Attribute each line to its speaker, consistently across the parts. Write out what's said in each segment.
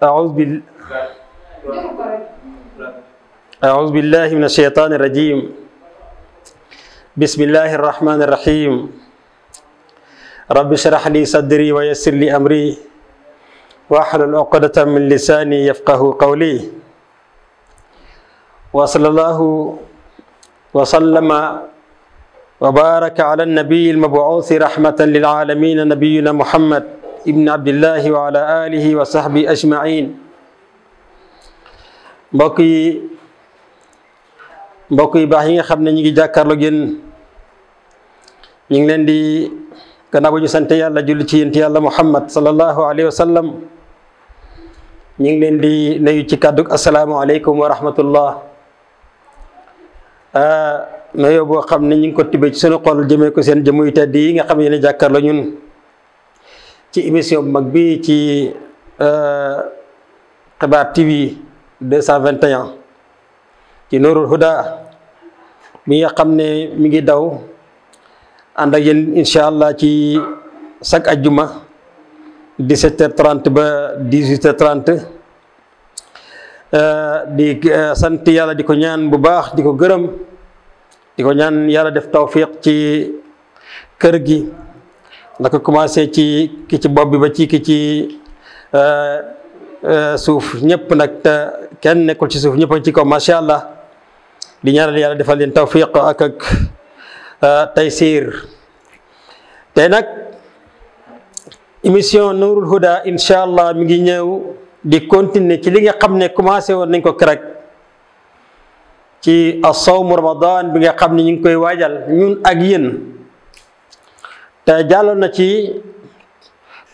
Speaker 1: أعوذ بال أعوذ بالله من الشيطان الرجيم بسم الله الرحمن الرحيم رب اشرح لي صدري ويسر لي أمري واحلل عقدة من لساني يفقه قولي وصلى الله وسلم وبارك على النبي المبعوث رحمة للعالمين نبينا محمد ibn Abdillah wa ala alihi wa sahbi ajma'in mbok yi mbok yi bax yi nga xamne ñi ngi jakarlo ak ñi ngi len di bu ñu sante yalla ci yent yalla muhammad sallallahu alaihi wasallam. ñi ngi len di nuyu ci assalamu alaykum wa rahmatullah a ah, nayo bo xamne ñi ngi ko tibbee ci sunu xol jëme ko seen jëmuy tedd nga xam jakarlo ñun ci émission mag bi ci euh xibaar TV 221 ci nurul Huda mi nga xam mi ngi daw and ak yeen inshallah ci sak aljuma 17h30 ba 18h30. di eh, sant yalla diko ñaan bu baax diko ko diko ñaan yalla def tawfiq ci kër gi nak commencé ci ki ci bobbi ba ci ki ci eh, eh, souf ñepp nak ta kenn nekul ci souf ñepp ci ma sha allah di ñaanal yalla defal leen tawfiq ak ak eh, taysir tey nak émission nurul Huda insha allah mi ngi ñew di continuer ci li nga xam ne commencé won nañ ko kerek ci as-sawm ramadan bi nga xam ñing koy wajal ñun ak yeen te jàlloon na ci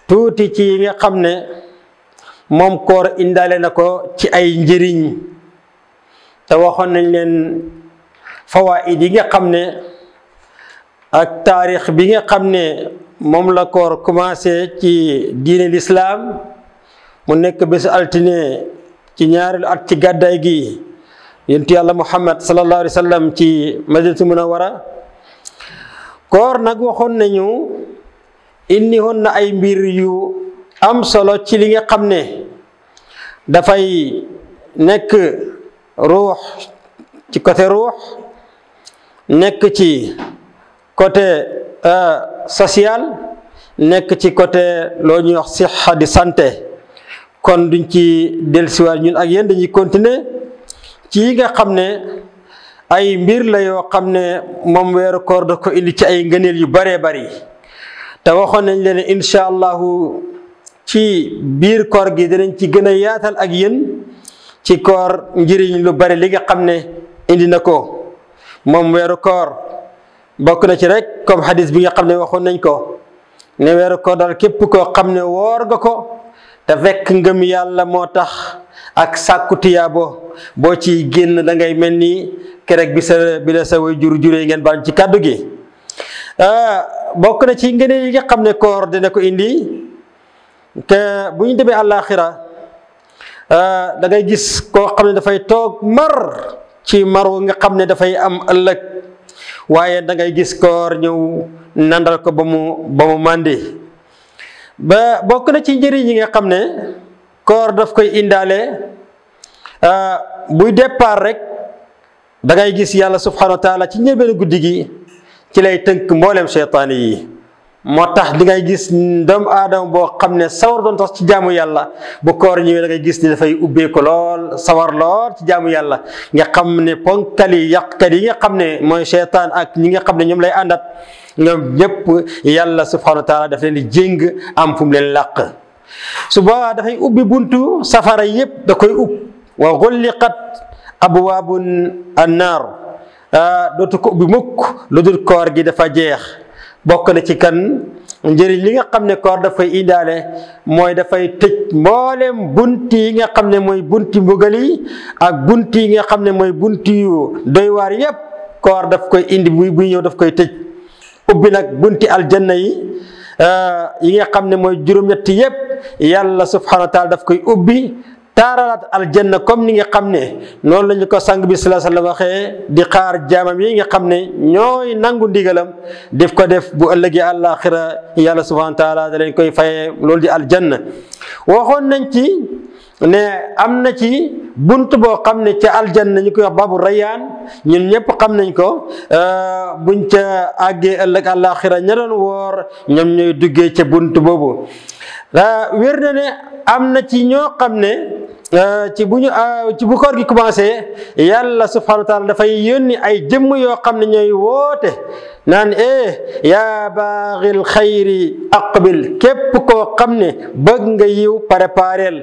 Speaker 1: tuuti ci yi nga xam ne moom koor indaale na ko ci ay njëriñ te waxoon nañ leen fawaid yi nga xam ne ak taarix bi nga xam ne moom la koor commencé ci diine lislaam mu nekk bésu altine ci ñaareelu at ci gàddaay gi yonentu yàlla muhammad sallallahu alayhi wa sallam ci madinatu munawwara koor nag waxoon nañu indi woon na ay mbir yu am solo ci li nga xam ne dafay nekk ruux ci côté ruux nekk ci côté euh, social nekk ci côté loo ñuy wax sixa di santé kon duñ ci dellusiwaat ñun ak yéen dañuy continuer ci yi nga xam ne ay mbir la yoo xam ne moom weeru koor da ko indi ci ay ngëneel yu baree bari te waxoon nañ leen incha allahu ci biir koor gi dinañ ci gën a yaatal ak yéen ci koor njëriñ lu bari li nga xam ne indi na ko moom weeru koor bokk na ci rek comme xadis bi nga xam ne waxoon nañ ko ne weeru koor daal képp koo xam ne woor nga ko te fekk ngëm yàlla moo tax ak sàkku bo bo ci genn da ngay melni kerek bi sa bi la sa way jur juree ngeen ban ci kaddu gi ah, bokk na ci ngeen yi nga koor ko indi te bu al-akhirah àllaaxira ah, da ngay gis ko xamne da fay tok mar ci maru nga xamne da fay am ëlëk waye da ngay gis koor ñew nandal ko ba mu ba mu ba bokk na ci njëriñ yi nga xamne koor daf koy euh buy départ rek da ngay gis yalla subhanahu wa taala ci ñëbeen guddigi ci lay teunk mbollem shaytani motax di ngay gis ndam adam bo xamne sawar don tax ci jaamu yalla bu koor da ngay gis ni ubbe ko lol sawar lor ci jaamu yalla nga xamne ponkali yaqtali nga xamne moy shaytan ak ñi nga xamne ñum lay andat ñom ñep yalla subhanahu wa taala daf leen di jeng am fu leen laq su boobaa dafay ubbi buntu safara yëpp da koy ub wa xulliqat abwaabun annaar ah, dootu ko ubbi mukk lu dul koor gi dafa jeex bokk na ci kan njëriñ li nga xam ne koor dafay indaale mooy dafay tëj mboolem bunti yi nga xam ne mooy bunti mbugal ak bunt yi nga xam ne mooy bunt yu doy yépp koor daf koy indi buy bu ñëw daf koy tëj ubbi nag bunti aljanna yi Euh, yi nga xam ne mooy juróom-ñetti yépp yàlla subhanahu wa taala daf koy ubbi taaralaat aljanna comme ni nga xam ne noonu la ñu ko sang bi sallallahu alayhi wa sallam waxee di xaar jaamam yi nga xam ne ñooy nangu ndigalam def ko def bu ëllëgee àllaaxira yàlla subhanahu wa taala koy fayee loolu di aljanna waxoon nañ ci ne am na ci bunt boo xam ne ca aljanna nañu koy wax babu reyaan ñun ñëpp xam nañ ko euh, buñ ca àggee ëllëg àllaaxira ña doon woor ñoom ñooy duggee ca bunt boobu euh, wér na ne am na ci ñoo xam ne euh, ci bu ñu ci bu gi commencé yàlla subhanahu wa taala dafay yónni ay jëmm yoo xam ne ñooy woote naan eh yaa baaxil xayri aqbil képp koo xam ne bëgg nga yiw préparel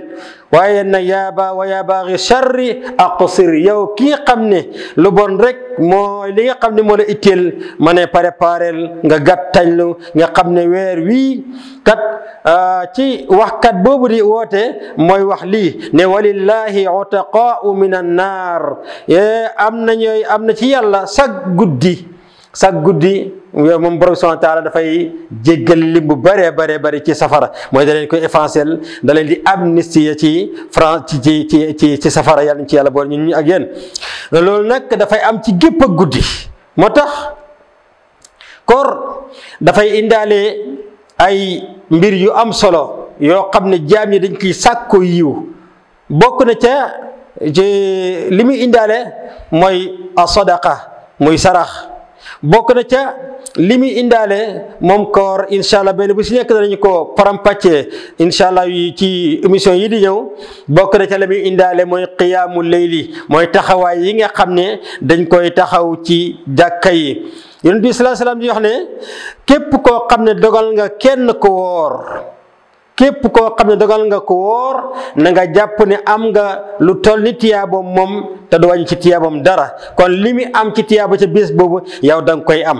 Speaker 1: waaye nag yaa ba wa yaa aqsir yow kii xam ne lu bon rek moo li nga xam ne moo la itteel ma ne préparel nga gàttañlu nga xam ne weer wii kat ah, ci waxkat boobu di woote mooy wax lii ne walillahi utaqaau min an naar eh, am na ci yàlla sag guddi chaque guddi moom borom subhanahu dafay jéggal lim bu bëree bëree bëri ci safara mooy da leen koy effacer da leen di amnistie ci France ci ci ci ci ci safara yàlla ci yàlla boole ñun ñu ak yéen loolu nag dafay am ci gépp ak guddi moo tax koor dafay indaale ay mbir yu am solo yoo xam ne jaam yi dañ koy sàkko yiw bokk na ca ci li muy indaale mooy asadaqa muy sarax bokk na ca li muy indaale moom koor incha allah benn bu si nekk danañu ko faram-pàccee incha allah yi ci émission yi di ñëw bokk na ca la muy indaale mooy qiyaamu layli mooy taxawaay yi nga xam ne dañ koy taxaw ci jàkka yi yonent bi salaa salaam di wax ne képp koo xam ne dogal nga kenn ko woor képp koo xam ne dogal nga ko woor na nga jàpp ni am nga lu toll ni tiyaabo moom te du wàññi ci tiyaabam dara kon li mu am ci ba ca bés boobu yow da nga koy am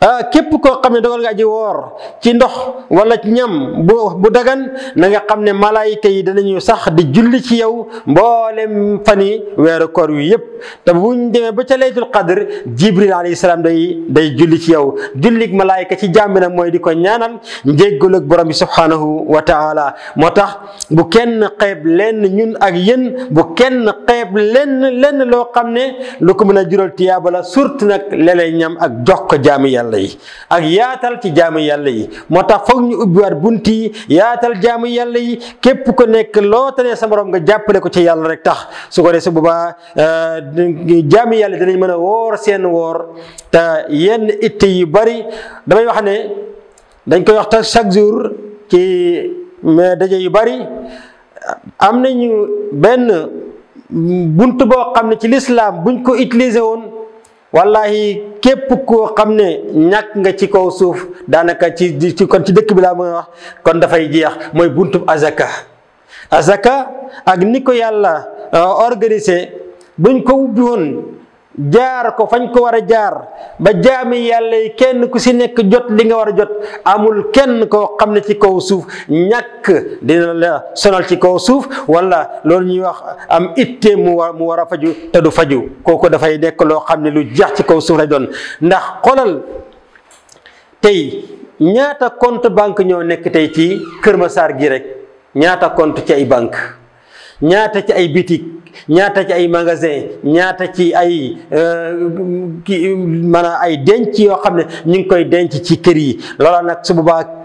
Speaker 1: Ah, képp koo xam ne dogal nga aji woor ci ndox wala ñam bu bu dagan na nga xam ne malaayika yi danañu sax di julli ci yow mboolem fani weeru koor wi yëpp te buñ demee ba ca laytul qadr jibril alayhi salaam day day julli ci yow jullig malaayika ci jàmbi mooy di ko ñaanal njéggalu ak borom bi subhanahu wa taala moo tax bu kenn xeeb lenn ñun ak yéen bu kenn xeeb lenn lenn loo xam ne lu ko mën a jural tiyaaba la surtout nag leneen ñam ak jox ko jaami yàlla yi ak yaatal ci jaamu yàlla yi moo tax foog ñu ubbiwaat bunt yi yaatal jaamu yàlla yi képp ko nekk loo tanee sa morom nga jàppale ko ci yàlla rek tax su ko dee su boobaa euh, jaamu yàlla dinañ mën a woor seen woor te yenn itte yu bari damay wax ne dañ koy wax tax chaque jour ci daje yu bari am nañu benn bunt boo xam ne ci lislaam buñ ko utiliser woon wallahi képp koo xam ne ñàkk nga ci kaw suuf daanaka ci ci kon ci dëkk bi laa mën a kon dafay jeex mooy buntub azaka azaka ak ni ko yàlla euh, organisé buñ kow ubbi woon jaar ko fañ ko war a jaar ba jaami yàlla yi kenn ku si nekk jot li nga war a jot amul kenn koo xam ne ci kaw suuf ñàkk dina la sonal ci kaw suuf wala loolu ñuy wax am ittee mu war mu war a faju te du faju kooku dafay nekk loo xam ne lu jeex ci kaw suuf lay doon ndax xoolal tey ñaata compte banque ñoo nekk tey ci Kër Massar gi rek ñaata compte ci ay banque ñaata ci ay bitik ñaata ci ay magasin ñaata ci ay euh, ki maanaam ay denc yoo xam ne ñu ngi koy denc ci kër yi loola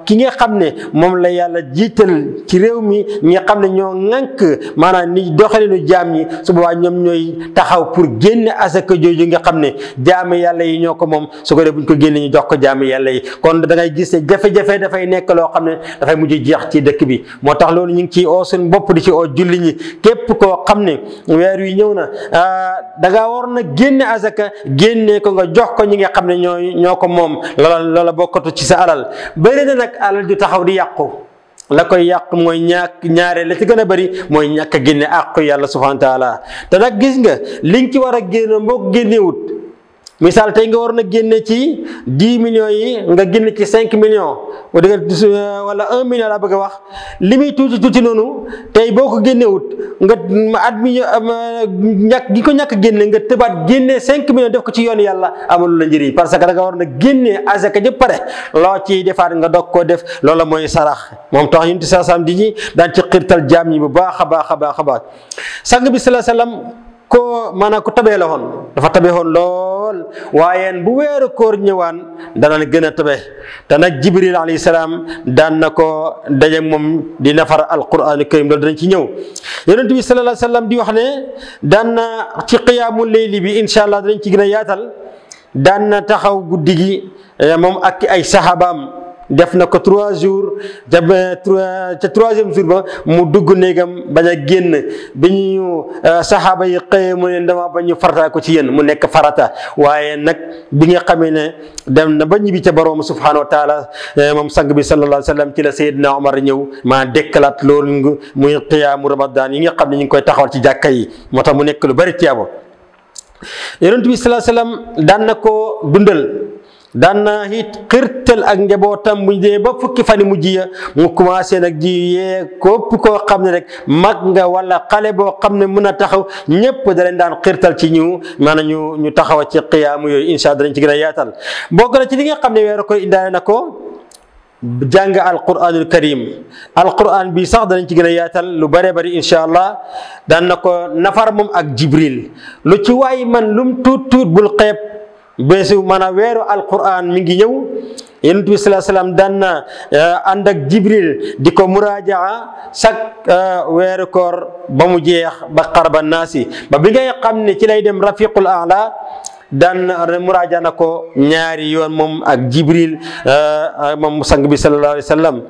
Speaker 1: ki nga xam ne moom la yàlla jiital ci réew mi ñi nga xam ne ñoo ŋànk maanaam ni doxalinu jaam yi su boobaa ñoom ñooy taxaw pour génne asaka jooju nga xam ne jaami yàlla yi ñoo ko moom su ko dee buñ ko génne ñu jox ko jaami yàlla yi kon da ngay gis ne dafay nekk loo xam ne dafay mujj jeex ci dëkk bi moo tax loolu ñu ngi ciy oo bopp di ci oo julli ñi képp koo xam ne weer wi ñëw na ah, da ngaa waroon a génne asaka génne ko nga jox ko ñi nga xam ne ñoo ñoo ko moom loola bokkatu ci sa alal bëri nag nag alal ju taxaw di yàqu la koy yàq mooy ñàkk ñaare la ci gën a bëri mooy ñàkk génne àqu yàlla subhanahu wa taala te gis nga li nga ci war a génne moo génnewut misaal tey nga war a génne ci dix millions yi nga génne ci cinq millions euh, wala un million laa bëgg wax li muy tuuti tuuti noonu tey boo ko génnewut nga mm, at mi euh, mm, euh, ñàkk gi ko ñàkk génne nga tëbaat génne cinq millions def ko ci yoon yàlla amul la njëriñ parce que da war na a génne asaka jëpp pare loo ciy defaat nga dog koo def loolu la mooy sarax moom tax yunti sa sam di ñi daan ci xirtal jaam yi bu baax a baax a baax a baax sang bi sallallahu alayhi wasallam maanaam ko tabee la woon dafa tabee woon lool waaye bu weeru koor ñëwaan danañ gën a tabe te nag jibril alayhi salaam daan na ko daje moom di nafar alquraan karim loolu danañ ci ñëw yonent bi sallallahu alayhi wasallam di wax ne daan na ci qiyaamu leyli bi incha allah ci gën a yaatal daan na taxaw guddi gi eh, moom ak ay sahabaam def na ko trois jours ca ca jour ba mu dugg néegam bañ a génn bi ñu euh, saxaaba yi xëyee mu ne dama bañ ñu farata ko ci yéen mu nekk farata waaye nag bi nga xamee ne dem na ba ñibbi ca borom subhanahu wa taala euh, moom sang bi sallallahu alayhi wa sallam ci la Seydina Omar ñëw maa dekkalaat loolu muy xiyaamu ramadan yi nga xam ne ñu ngi koy taxawal ci jàkka yi moo tax mu nekk lu bari tiyaabo yonent bi sallallahu alayhi daan na ko dundal daan naa it xirtal ak njabootam bu dee ba fukki fan yi mujj ya mu commencé nag ji yee ko koo xam ne rek mag nga wala xale boo xam ne mën a taxaw ñëpp da leen daan xirtal ci ñu maanaam ñu ñu taxaw ci xiyaamu yooyu incha allah dañ ci gën yaatal bokk na ci li nga xam ne weeru koy indaale na ko jàng alquranul karim alquran bi sax danañ ci gën yaatal lu bare bari incha allah daan na ko nafar moom ak jibril lu ci waay man lum tuut tuut bul xeeb bésu maanaam weeru alquran mi ngi ñëw yonent bi salaa salaam daan na eh, ànd ak jibril di ko muraajaa sak eh, weeru koor ba mu jeex ba xarba naasi ba bi ngay xam ne ci lay dem rafiqul ala daan eh, muraaja na ko ñaari yoon moom ak jibril moom sang bi sallallahu alayhi wa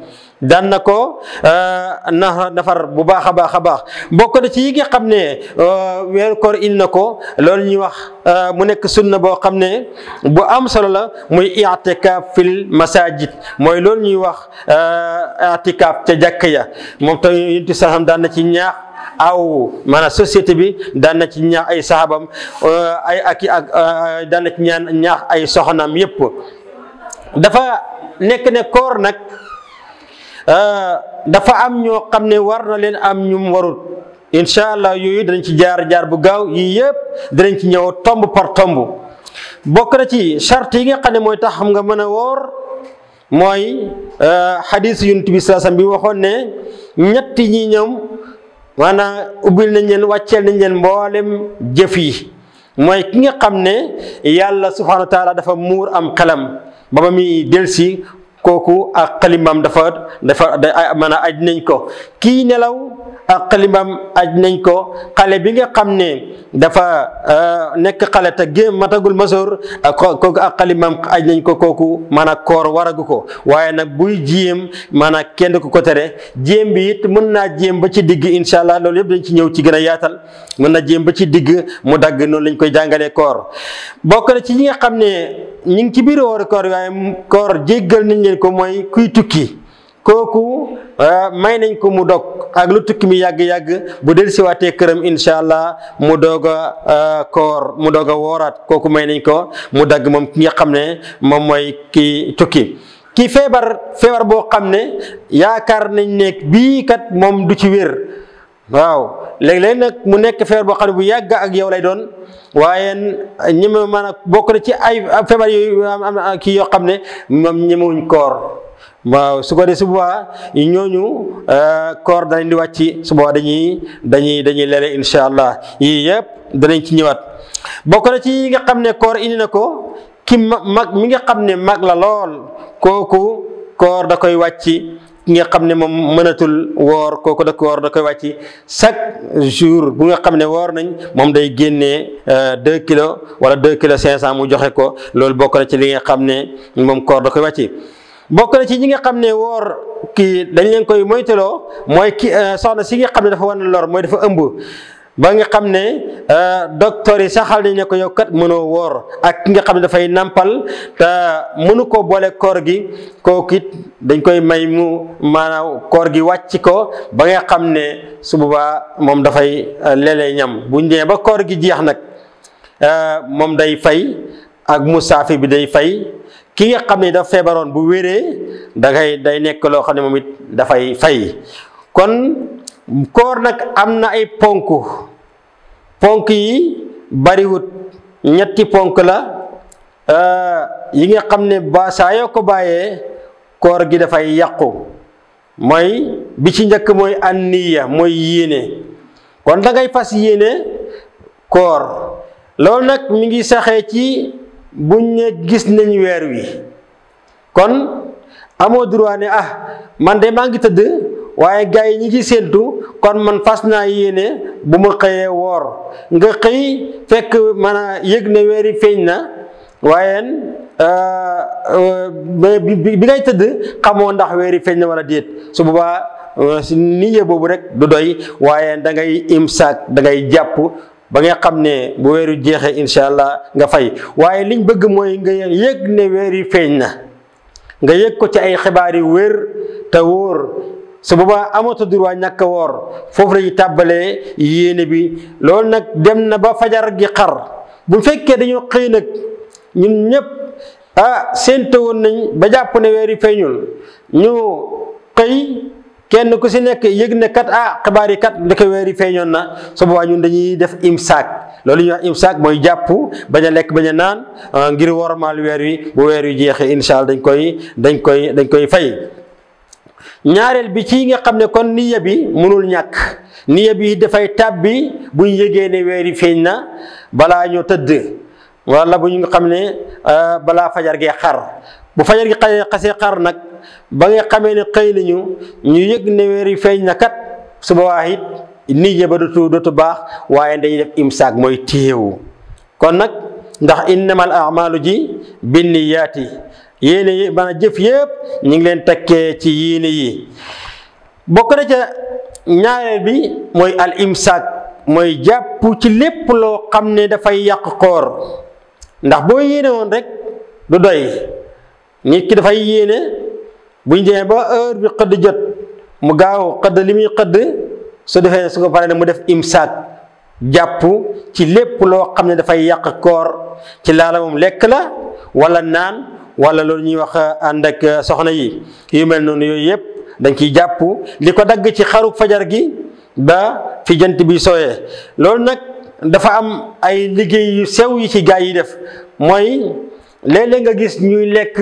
Speaker 1: daan na ko eh, na nafar bu baax a baax a baax ko na ci yi nga xam ne eh, weeru koor indi na ko loolu ñuy wax eh, mu nekk sunna boo xam ne bu am solo la muy i'tikaaf fil masajid mooy loolu ñuy wax i'tikaaf ca jàkk ya moom tam yuntu saxam daan na ci ñaax aw maanaam société bi daan na ci ñaax ay saxaabam ay ak ak daan na ci ñaax ay soxnaam yépp dafa nekk ne koor nag Euh, dafa am ñoo xam ne war na leen am ñum warut incha allah yooyu danañ ci jaar jaar bu gaaw yii yëpp danañ ci ñëw tomb par tomb bokk na ci charte yi nga xam ne mooy tax xam nga mën a woor mooy euh, xadis Yonent bi saasam bi waxoon ne ñetti ñi ñoom maanaam ubbil nañ leen wàcceel nañ leen mboolem jëf yi mooy ki nga xam ne yàlla subhaanahu wa dafa muur am xelam ba ba muy delsi kooku ak xalimaam dafa dafa maanaam aj nañ ko kii nelaw ak xalimaam aj nañ ko xale bi nga xam ne dafa euh, nekk xale te géem matagul masoor kooku ak xalimaam aj nañ ko kooku maanaam koor waragu ko waaye nag buy jéem maanaam kenn ku ko tere jéem bi it mën naa jéem ba ci digg incha allah loolu yëpp dañ ci ñëw ci gën a yaatal mën na jéem ba ci digg mu dagg noonu lañ koy jàngalee koor bokk na ci ñi nga xam ne ñu ngi ci biir wooru koor waaye koor jéggal nañ leen ko mooy kuy tukki kooku euh, may nañ ko mu dog ak lu tukki mi yàgg-yàgg bu del këram incha allah mu doog a euh, koor mu doog a wooraat kooku may nañ ko mu dagg moom ki nga xam ne moom mooy ki tukki ki feebar feebar boo xam ne yaakaar nañ ne bii kat moom du ci wér waaw léeg-léeg nag mu nekk feebar boo xam ne bu yàgg ak yow lay doon waaye ñeme maanaam bokk na ci ay feebar yooyu am na kii yoo xam ne moom ñemewuñ koor waaw su ko dee su boobaa ñooñu euh, koor danañ di wàcc su boobaa dañuy dañuy dañuy lele incha allah yii yëpp danañ ci ñëwaat bokk na ci yi nga xam ne koor indi na ko ki mag mi nga xam ne mag la lool kooku koor da koy wàcc ki nga xam ne moom mënatul woor kooku da koor da koy wàcc chaque jour bu nga xam ne woor nañ moom day génnee euh, deux kilos wala deux kilos cinq cent mu joxe ko loolu bokk na ci li nga xam ne moom koor da koy wàcc bokk na ci ñi nga xam ne woor kii dañ leen koy moytaloo mooy ki euh, soxna si nga xam ne dafa wan lor mooy dafa ëmb ba nga xam ne euh, docteur yi saxal nañ ne ko yow kat mënoo woor ak ki nga xam ne dafay nampal te mënu ko boole koor gi kooku it dañ koy may mu maanaam koor gi wàcc ko ba nga xam ne su moom dafay euh, lelee ñam bu ñu ba koor gi jeex nag euh, moom day fay ak musaafi bi day fay ki nga xam ne dafa feebaroon bu wéree dangay day nekk loo xam ne moom it dafay fay kon koor nak amna ay ponku ponki yi wut ñetti ponku la eh, yi nga xamne ba saa yoo ko baye koor gi fay yaqku moy bi ci ñeek moy anniya moy yene kon da ngay fas yene koor lool nak mi ngi saxé ci buñ ne gis nañ wër wi kon amo droit ah man de mangi teud waaye gars yi ñi ci séentu kon man fas naa yéene bu ma xëyee woor nga xëy fekk man a yëg ne weeri feeñ na waaye euh, euh, bi ngay tëdd xamoo ndax weeri feeñ na wala déet su boobaa euh, si niyyee boobu rek du doy waaye dangay ngay imsaak da ngay jàpp ba nga xam ne bu weeru jeexee incha allah nga fay waaye liñ bëgg mooy nga yëg ne weeri feeñ na nga yëg ko ci ay xibaar yu wér te wóor su boobaa amatoo droit ñàkk a woor foofu la ñuy tàbbalee yéene bi loolu nag dem na ba fajar gi xar bu fekkee dañoo xëy nag ñun ñëpp ah séntu woon nañ ba jàpp ne weer yi feeñul ñu xëy kenn ku si nekk yëg ne kat ah xibaar yi kat ndeke weer yi feeñoon na su boobaa ñun dañuy def imsaak loolu ñu wax imsaak mooy jàpp bañ a lekk bañ a naan ah, ngir wormaal weer wi bu weer wi jeexee incha dañ koy dañ koy dañ koy fay. ñaareel bi ci nga xam ne kon niya bi mënul ñàkk niya bi dafay tàbbi bu ñu yëgee ne weeri feeñ na balaa ñoo tëdd wala bu ñu xam ne euh, balaa fajar gee xar bu fajar gi xasee xar nag ba nga xamee ne xëy nañu ñu yëg ne weeri feeñ na kat su boobaa it niya dootu dootu baax waaye dañuy def imsaak mooy téyewu kon nag ndax innamal amalu ji binniyaati yéene yi maanaam jëf yëpp ñu ngi leen takkee ci yéene yi bokk na ca ñaareel bi mooy al imsaak mooy jàpp ci lépp loo xam ne dafay yàq koor ndax boo yéene woon rek du doy nit ki dafay yéene buñ demee ba heure bi xëdd jot mu gaaw xëdd li muy xëdd su defee su ko paree ne mu def imsaak jàpp ci lépp loo xam ne dafay yàq koor ci laala lekk la wala naan wala loolu ñuy wax eh, ànd ak eh, soxna yi yu mel noonu yooyu yëpp dañ ciy jàpp li ko dagg ci xaruk fajar gi ba fi jant bi sooyee loolu nag dafa am ay liggéey yu sew yi ci gaay yi def mooy léeg nga gis ñuy lekk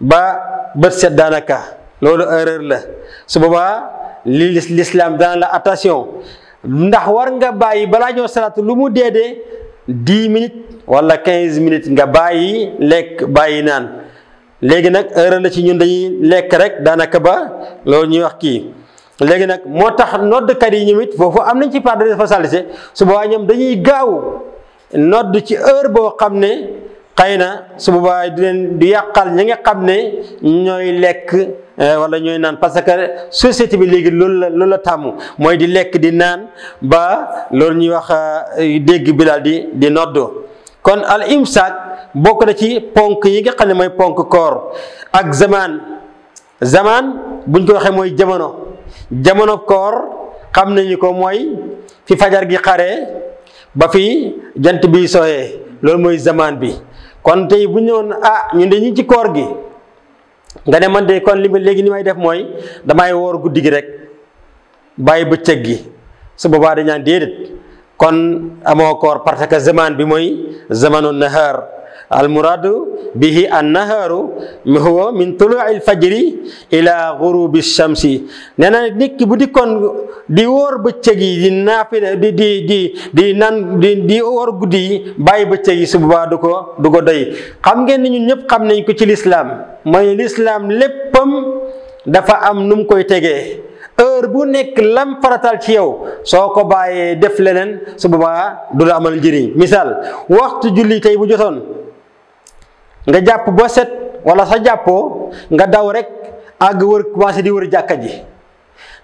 Speaker 1: ba bët set daanaka loolu erreur la su boobaa li lislaam daan la attention ndax war nga bàyyi balaa ñoo salaatu lu mu dee dee dix minutes wala quinze minutes nga bàyyi lekk bàyyi naan léegi nag heure na ci ñun dañuy lekk rek daanaka ba loolu ñuy wax kii léegi nag moo tax noddkat yi ñoom it foofu am nañ ci part de responsabilité su boobaa ñoom dañuy gaaw nodd ci heure boo xam ne xëy na su boobaa di leen di yàqal ñi nga xam ne ñooy lekk. Eh, walla ñooy naan parce que société bi léegi loolu la loolu la tàmm mooy di lekk di naan ba loolu ñuy wax eh, dégg bilaal di di noddo kon al imsaak bokk na ci ponk yi nga xam ne mooy ponk koor ak zamaan zamaan buñ ko waxee mooy jamono jamono koor xam nañu ko mooy fi fajar gi xaree ba fi jant bi soxee loolu mooy zamaan bi kon tey bu ñëwoon ah ñun dañu ci koor gi nga ne man de kon li ma léegi ni may def mooy damay woor guddi gi rek bàyyi bëccëg gi su boobaa dañaan naan déedéet kon amoo koor parce que zaman bi mooy zamanu nahar almuraadu bihi annahaaru huwa min tuluuci alfajri ila gurubi shamsi nee na nit ki bu dikkoon di wor bëccëg yi di naafila di di di di di di wóor guddi yi bàyyi bëccëg yi su du ko du ko doy xam ngeen ni ñun ñëpp xam nañ ko ci lislaam mooy lislaam léppam dafa am nu koy tegee heure bu nekk lam ci yow soo ko bàyyee def leneen su du la amal njëriñ misaal waxtu julli tey bu jotoon nga japp bo set wala sa jappo nga daw rek ag wër commencé di wër jàkka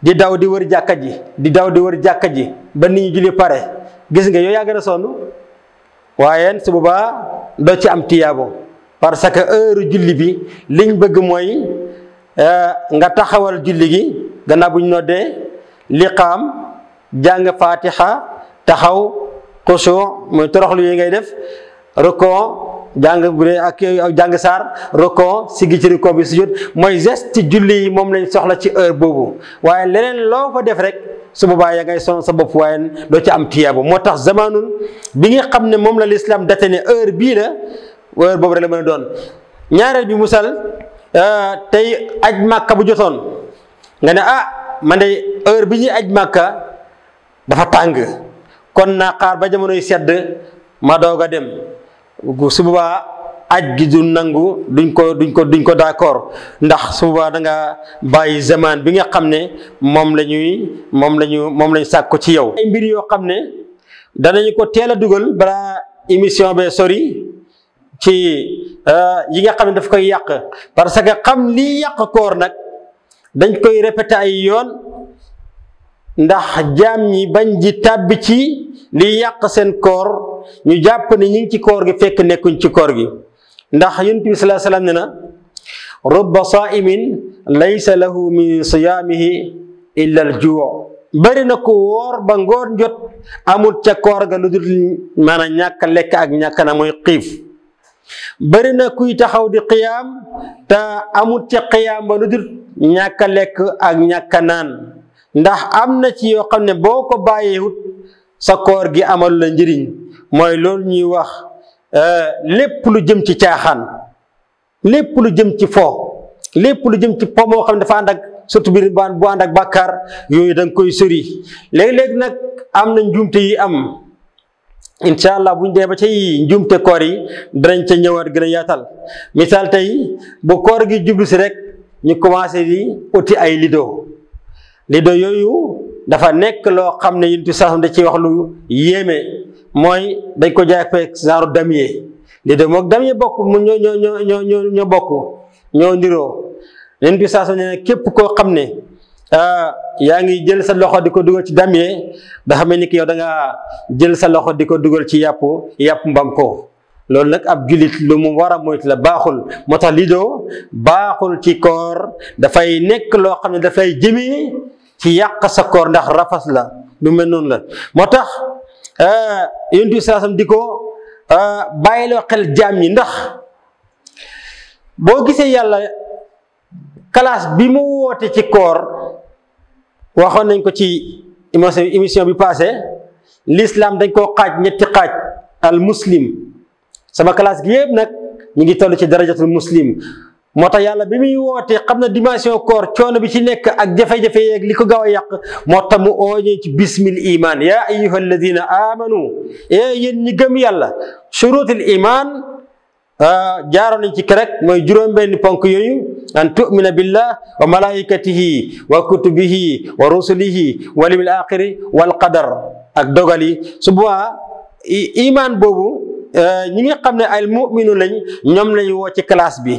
Speaker 1: di daw di wër jakaji di daw di wër jakaji ba nit ñi julli pare gis nga yo yaa gën a sonn waaye su boobaa do ci am tiyabo parce que heure julli bi liñ bëgg mooy eh, nga taxawal julli gi ganna buñ ñu liqam jang fatiha taxaw qushu muy toroxlu yi ngay def rukoo jàng bu dee ak jàng saar rokon sigi ci rokon bi sujud mooy geste julli yi moom lañ soxla ci heure boobu waaye leneen loo ko def rek su boobaa yaa ngay sonal sa bopp waaye doo ci am bu moo tax zamanul bi nga xam ne moom la lislaam date ne bii la boobu rek la mën doon ñaareel bi musal euh, tey aj màkka bu jotoon nga ne ah man de heure bi ñuy aj màkka dafa tàng kon naa xaar ba jamonoy sedd ma doog a dem su boobaa aj gi du nangu duñ ko duñ ko duñ ko d'accord ndax su boobaa da nga zaman bi nga xamne mom lañuy mom lañu mom la ñu ci yow. ay mbir yo xamne da nañ ko téla duggal bala émission be sori ci euh, yi nga xamne daf koy yak parce que xam li yak koor nak dañ koy répéter ay yoon ndax bañ ji ci. liy yàq seen koor ñu jàpp ne ñu ci koor gi fekk nekkuñ ci koor gi ndax yonent bi sallallahu na rubba saa'imin laysa lahu mi siyaamihi illa al juu' bari na ko woor ba ngoon jot amul ca koor ga lu dul maanaam ñàkk lekk ak ñàkk na mooy xiif bari na kuy taxaw di qiyaam te amul ca qiyaam ba lu dul lekk ak ñàkk naan ndax am na ci yoo xam ne boo ko bàyyiwut sa koor gi amalu la njëriñ mooy loolu ñuy wax euh, lépp lu jëm ci caaxaan lépp lu jëm ci fo lépp lu jëm ci po moo xam ne dafa ànd ak surtout biir baan bu ànd ak bàkkaar yooyu da koy sori léeg-léeg nag am na njuumte yi am incha allah buñ dee ba ci njuumte koor yi danañ ca ñëwaat gën a yaatal misaal tey bu koor gi jublu si rek ñu commencé yi uti ay lido lido yooyu dafa nekk loo xam ne yonent bi da ciy wax lu yéeme mooy dañ ko jàppee genre damier li de moog damier bokk mu ñoo ñoo ñoo ñoo ñoo bokk ñoo niroo yonent bi saasam ne képp koo xam ne ah, yaa ngi jël sa loxo di ko dugal ci damier dafa mel ni ki yow da jël sa loxo di ko dugal ci yàpp yàpp mbam ko loolu nag ab jullit lu mu war a moytu la baaxul moo tax lii baaxul ci koor dafay nekk loo xam ne dafay jëmee ci yàq sa koor ndax rafas la lu mel noonu la moo tax eh, yonent bi saasam di ko eh, bàyyiloo xel jaam yi ndax boo gisee yàlla kalaas bi mu woote ci koor waxoon nañ ko ci émission bi passé lislaam dañ koo xaaj ñetti xaaj al muslim sama classe gi yëpp nag ñu ngi toll ci darajatul muslim moota tax yàlla bi muy woote xam na dimension koor coono bi ci nekk ak jafe-jafe yeeg li ko gaaw a yàq moo tax mu ooñee ci bismil iman ya ayyuha alladina amanu e eh, yéen ñi gëm yàlla shurutul iman ah, jaaroon nañ ci kerek mooy juróom-benn ponk yooyu an tu'mina billah wa malaikatihi wa kutubihi wa rusulihi wal yawmil axiri wal qadar ak dogal yi su boobu eh, ñi nga xam ne al mu'minu lañ ñoom lañ woo ci classe bi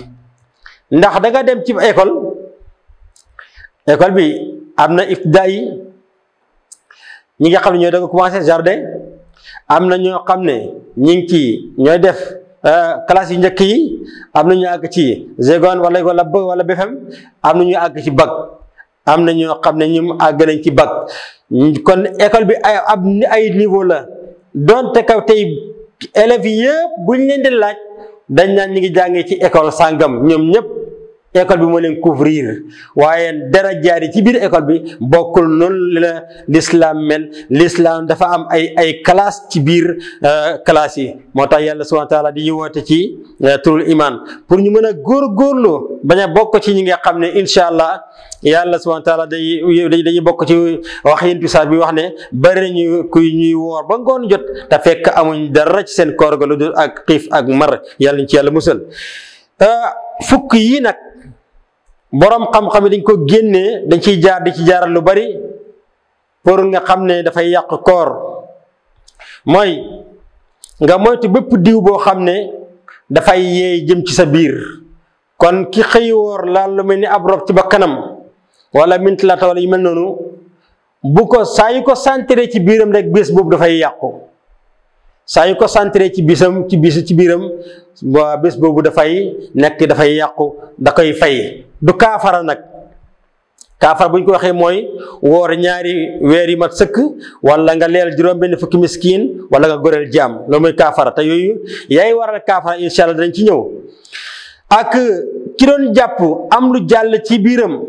Speaker 1: ndax da dem ci école école bi am na ibtidaa yi ñi nga xam ne ñooy da nga commencé jardin am na ñoo xam ne ñi ngi ci ñooy def euh, classe yu njëkk yi am na ñu àgg ci zegon wala wala b wala BFEM am na ñu àgg ci bac am na ñoo xam ne ñum àgg nañ ci bag kon école bi ay ab ay niveau la donte kaw tey élèves yëpp buñ leen laaj dañ naan ñi ngi jàngee ci école sàngam ñoom ñëpp école bi moo leen couvrir waaye dara jaari ci biir école bi bokkul noonu la l'islam mel lislaam dafa am ay ay classe ci biir euh, classe yi moo tax yàlla subhana taala di woote ci euh, turul iman pour ñu mën a góorgóorlu bañ a bokk ci ñi nga xam ne incha allah yàlla subhana taala day dañuy bokk ci wax yéntu saar bi wax ne bëri kuy ñuy woor ba ngoon jot te fekk amuñ dara ci seen koor ga lu dul ak xiif ak mar yàlla ñu ci yàlla musal euh, fukk yi nag boroom xam-xam yi dañ ko génnee dañ ciy jaar di ci jaaral lu bari pour nga xam ne dafay yàq koor mooy nga moytu bépp diw boo xam ne dafay yeey jëm ci sa biir kon ki xëy woor laal lu mel ni ab rob ci ba kanam wala mintalata wala yi mel noonu bu ko saa yu ko santere ci biiram rek bés boobu dafay yàqu saa yu ko centré ci bisam ci bis ci biiram ba bés boobu dafay nekk dafay yàqu da koy fay du kaafara nag kaafara bu ñu ko waxee mooy woor ñaari weer yi mat sëkk wala nga leel juróom-benn fukki miskin wala nga goreel jaam loolu mooy kaafara te yooyu yaay waral kaafara incha allah dañ ci ñëw ak ki doon jàpp am lu jàll ci biiram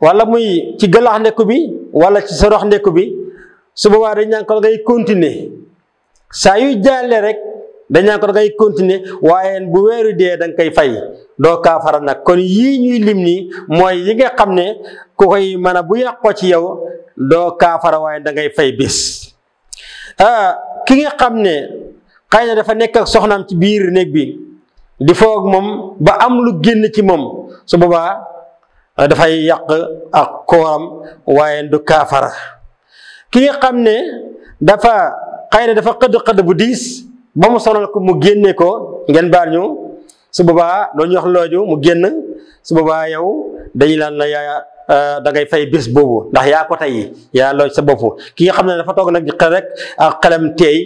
Speaker 1: wala muy ci gëlax nekku bi walla ci sorox ndekku bi su boobaa dañ naan ngay continuer sa yu rek dañaa ko da ngay continuer waye bu wéru dé dang kay fay do ka fara nak kon yi ñuy limni moy yi nga xamné ku koy mëna bu yaqko ci yow ngay fay bis ah ki nga xamné xayna dafa nek ak soxnam ci biir nek bi di foog mom ba am lu genn ci mom su ah, da fay yàq ak koram waye du kafara ki nga dafa xëy na dafa xëdd xëdd bu diis ba mu sonal ko mu génne ko ngeen baal ñu su boobaa loolu ñu wax looju mu génn su boobaa yow dañu laan la yaa euh, da ngay fay bés boobu ndax yaa ko tey yaa looj sa bopp ki nga xam ne dafa toog nag xel rek ak xelam teey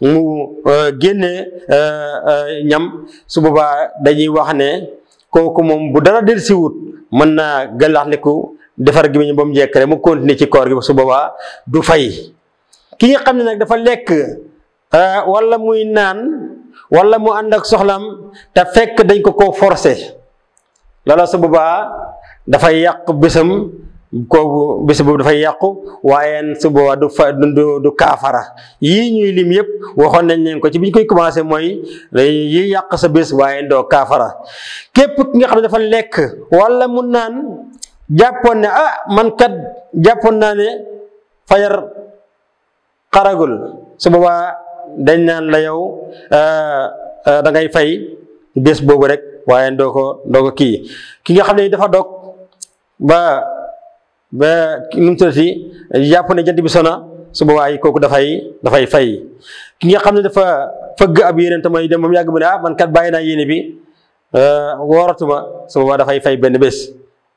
Speaker 1: mu euh, génne euh, ñam su boobaa dañuy wax ne kooku moom bu dara del si wut mën naa ku defar gi mu ba mu njëkk rek mu continuer ci koor gi su boobaa du fay ki nga xamne nak dafa lek wala muy nan wala mu andak soxlam ta fek dañ ko koo forcé loola su dafay yàq bésam ko bés boobu dafay yàqu waaye su boobaa du fa du du kaafara yii ñuy lim yeb waxon nañ leen ko ci biñ koy commencer moy yi yàq sa bis waaye do kaafara kep ki nga xamne dafa lek wala mu nan jàppoon ne ah man kat na ne fayar xaragul su boobaa dañ naan la yow euh, euh, da ngay fay bés boobu rek waaye doo ko doo kii ki nga xam ne dafa dog ba ba nu mu tuddati jàpp ne jant bi sona su boobaa kooku dafay dafay fay ki nga xam ne dafa fëgg ab yéeneen te mooy dem ba mu yàgg ne ah man kat bàyyi naa yéene bi euh, wooratuma su boobaa dafay fay benn bés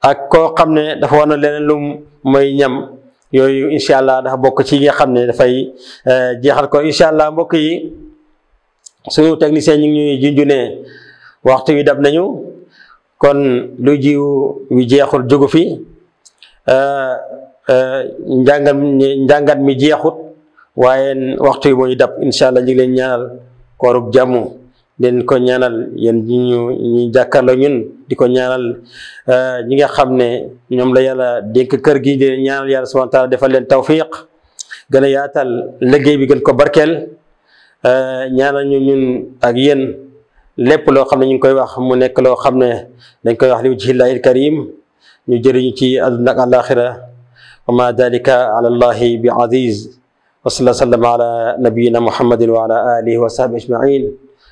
Speaker 1: ak koo xam ne dafa war na leneen lum mooy ñam. yooyu incha allah dafa bokk ci yi nga xam ne dafay eh, jeexal ko incha allah mbokk yi suñu technicien ñu ngi ñuy junju waxtu wi dab nañu kon lu jiw wi jeexul jógu fi eh, eh, njàngat mi njàngat mi jeexut waaye waxtu wi moo ñu dab incha allah ñu ngi leen ñaanal koorub jàmm den ko ñaanal yéen ñi ñu ñu jàkkaarloo ñun di ko ñaanal ñi nga xam ne ñoom la yàlla dénk kër gi di ñaanal yàlla subhanahu wa taala defal leen tawfiq gën a yaatal liggéey bi gën ko barkeel ñaanal ñu ñun ak yéen lépp loo xam ne ñu ngi koy wax mu nekk loo xam ne dañ koy wax li wajhillahi al karim ñu jëriñu ci àdduna ak alaxira wa ma dalika ala allahi bi aziz wa sallallahu sallam ala nabiyina muhammadin wa ala alihi wa sahbi ajmain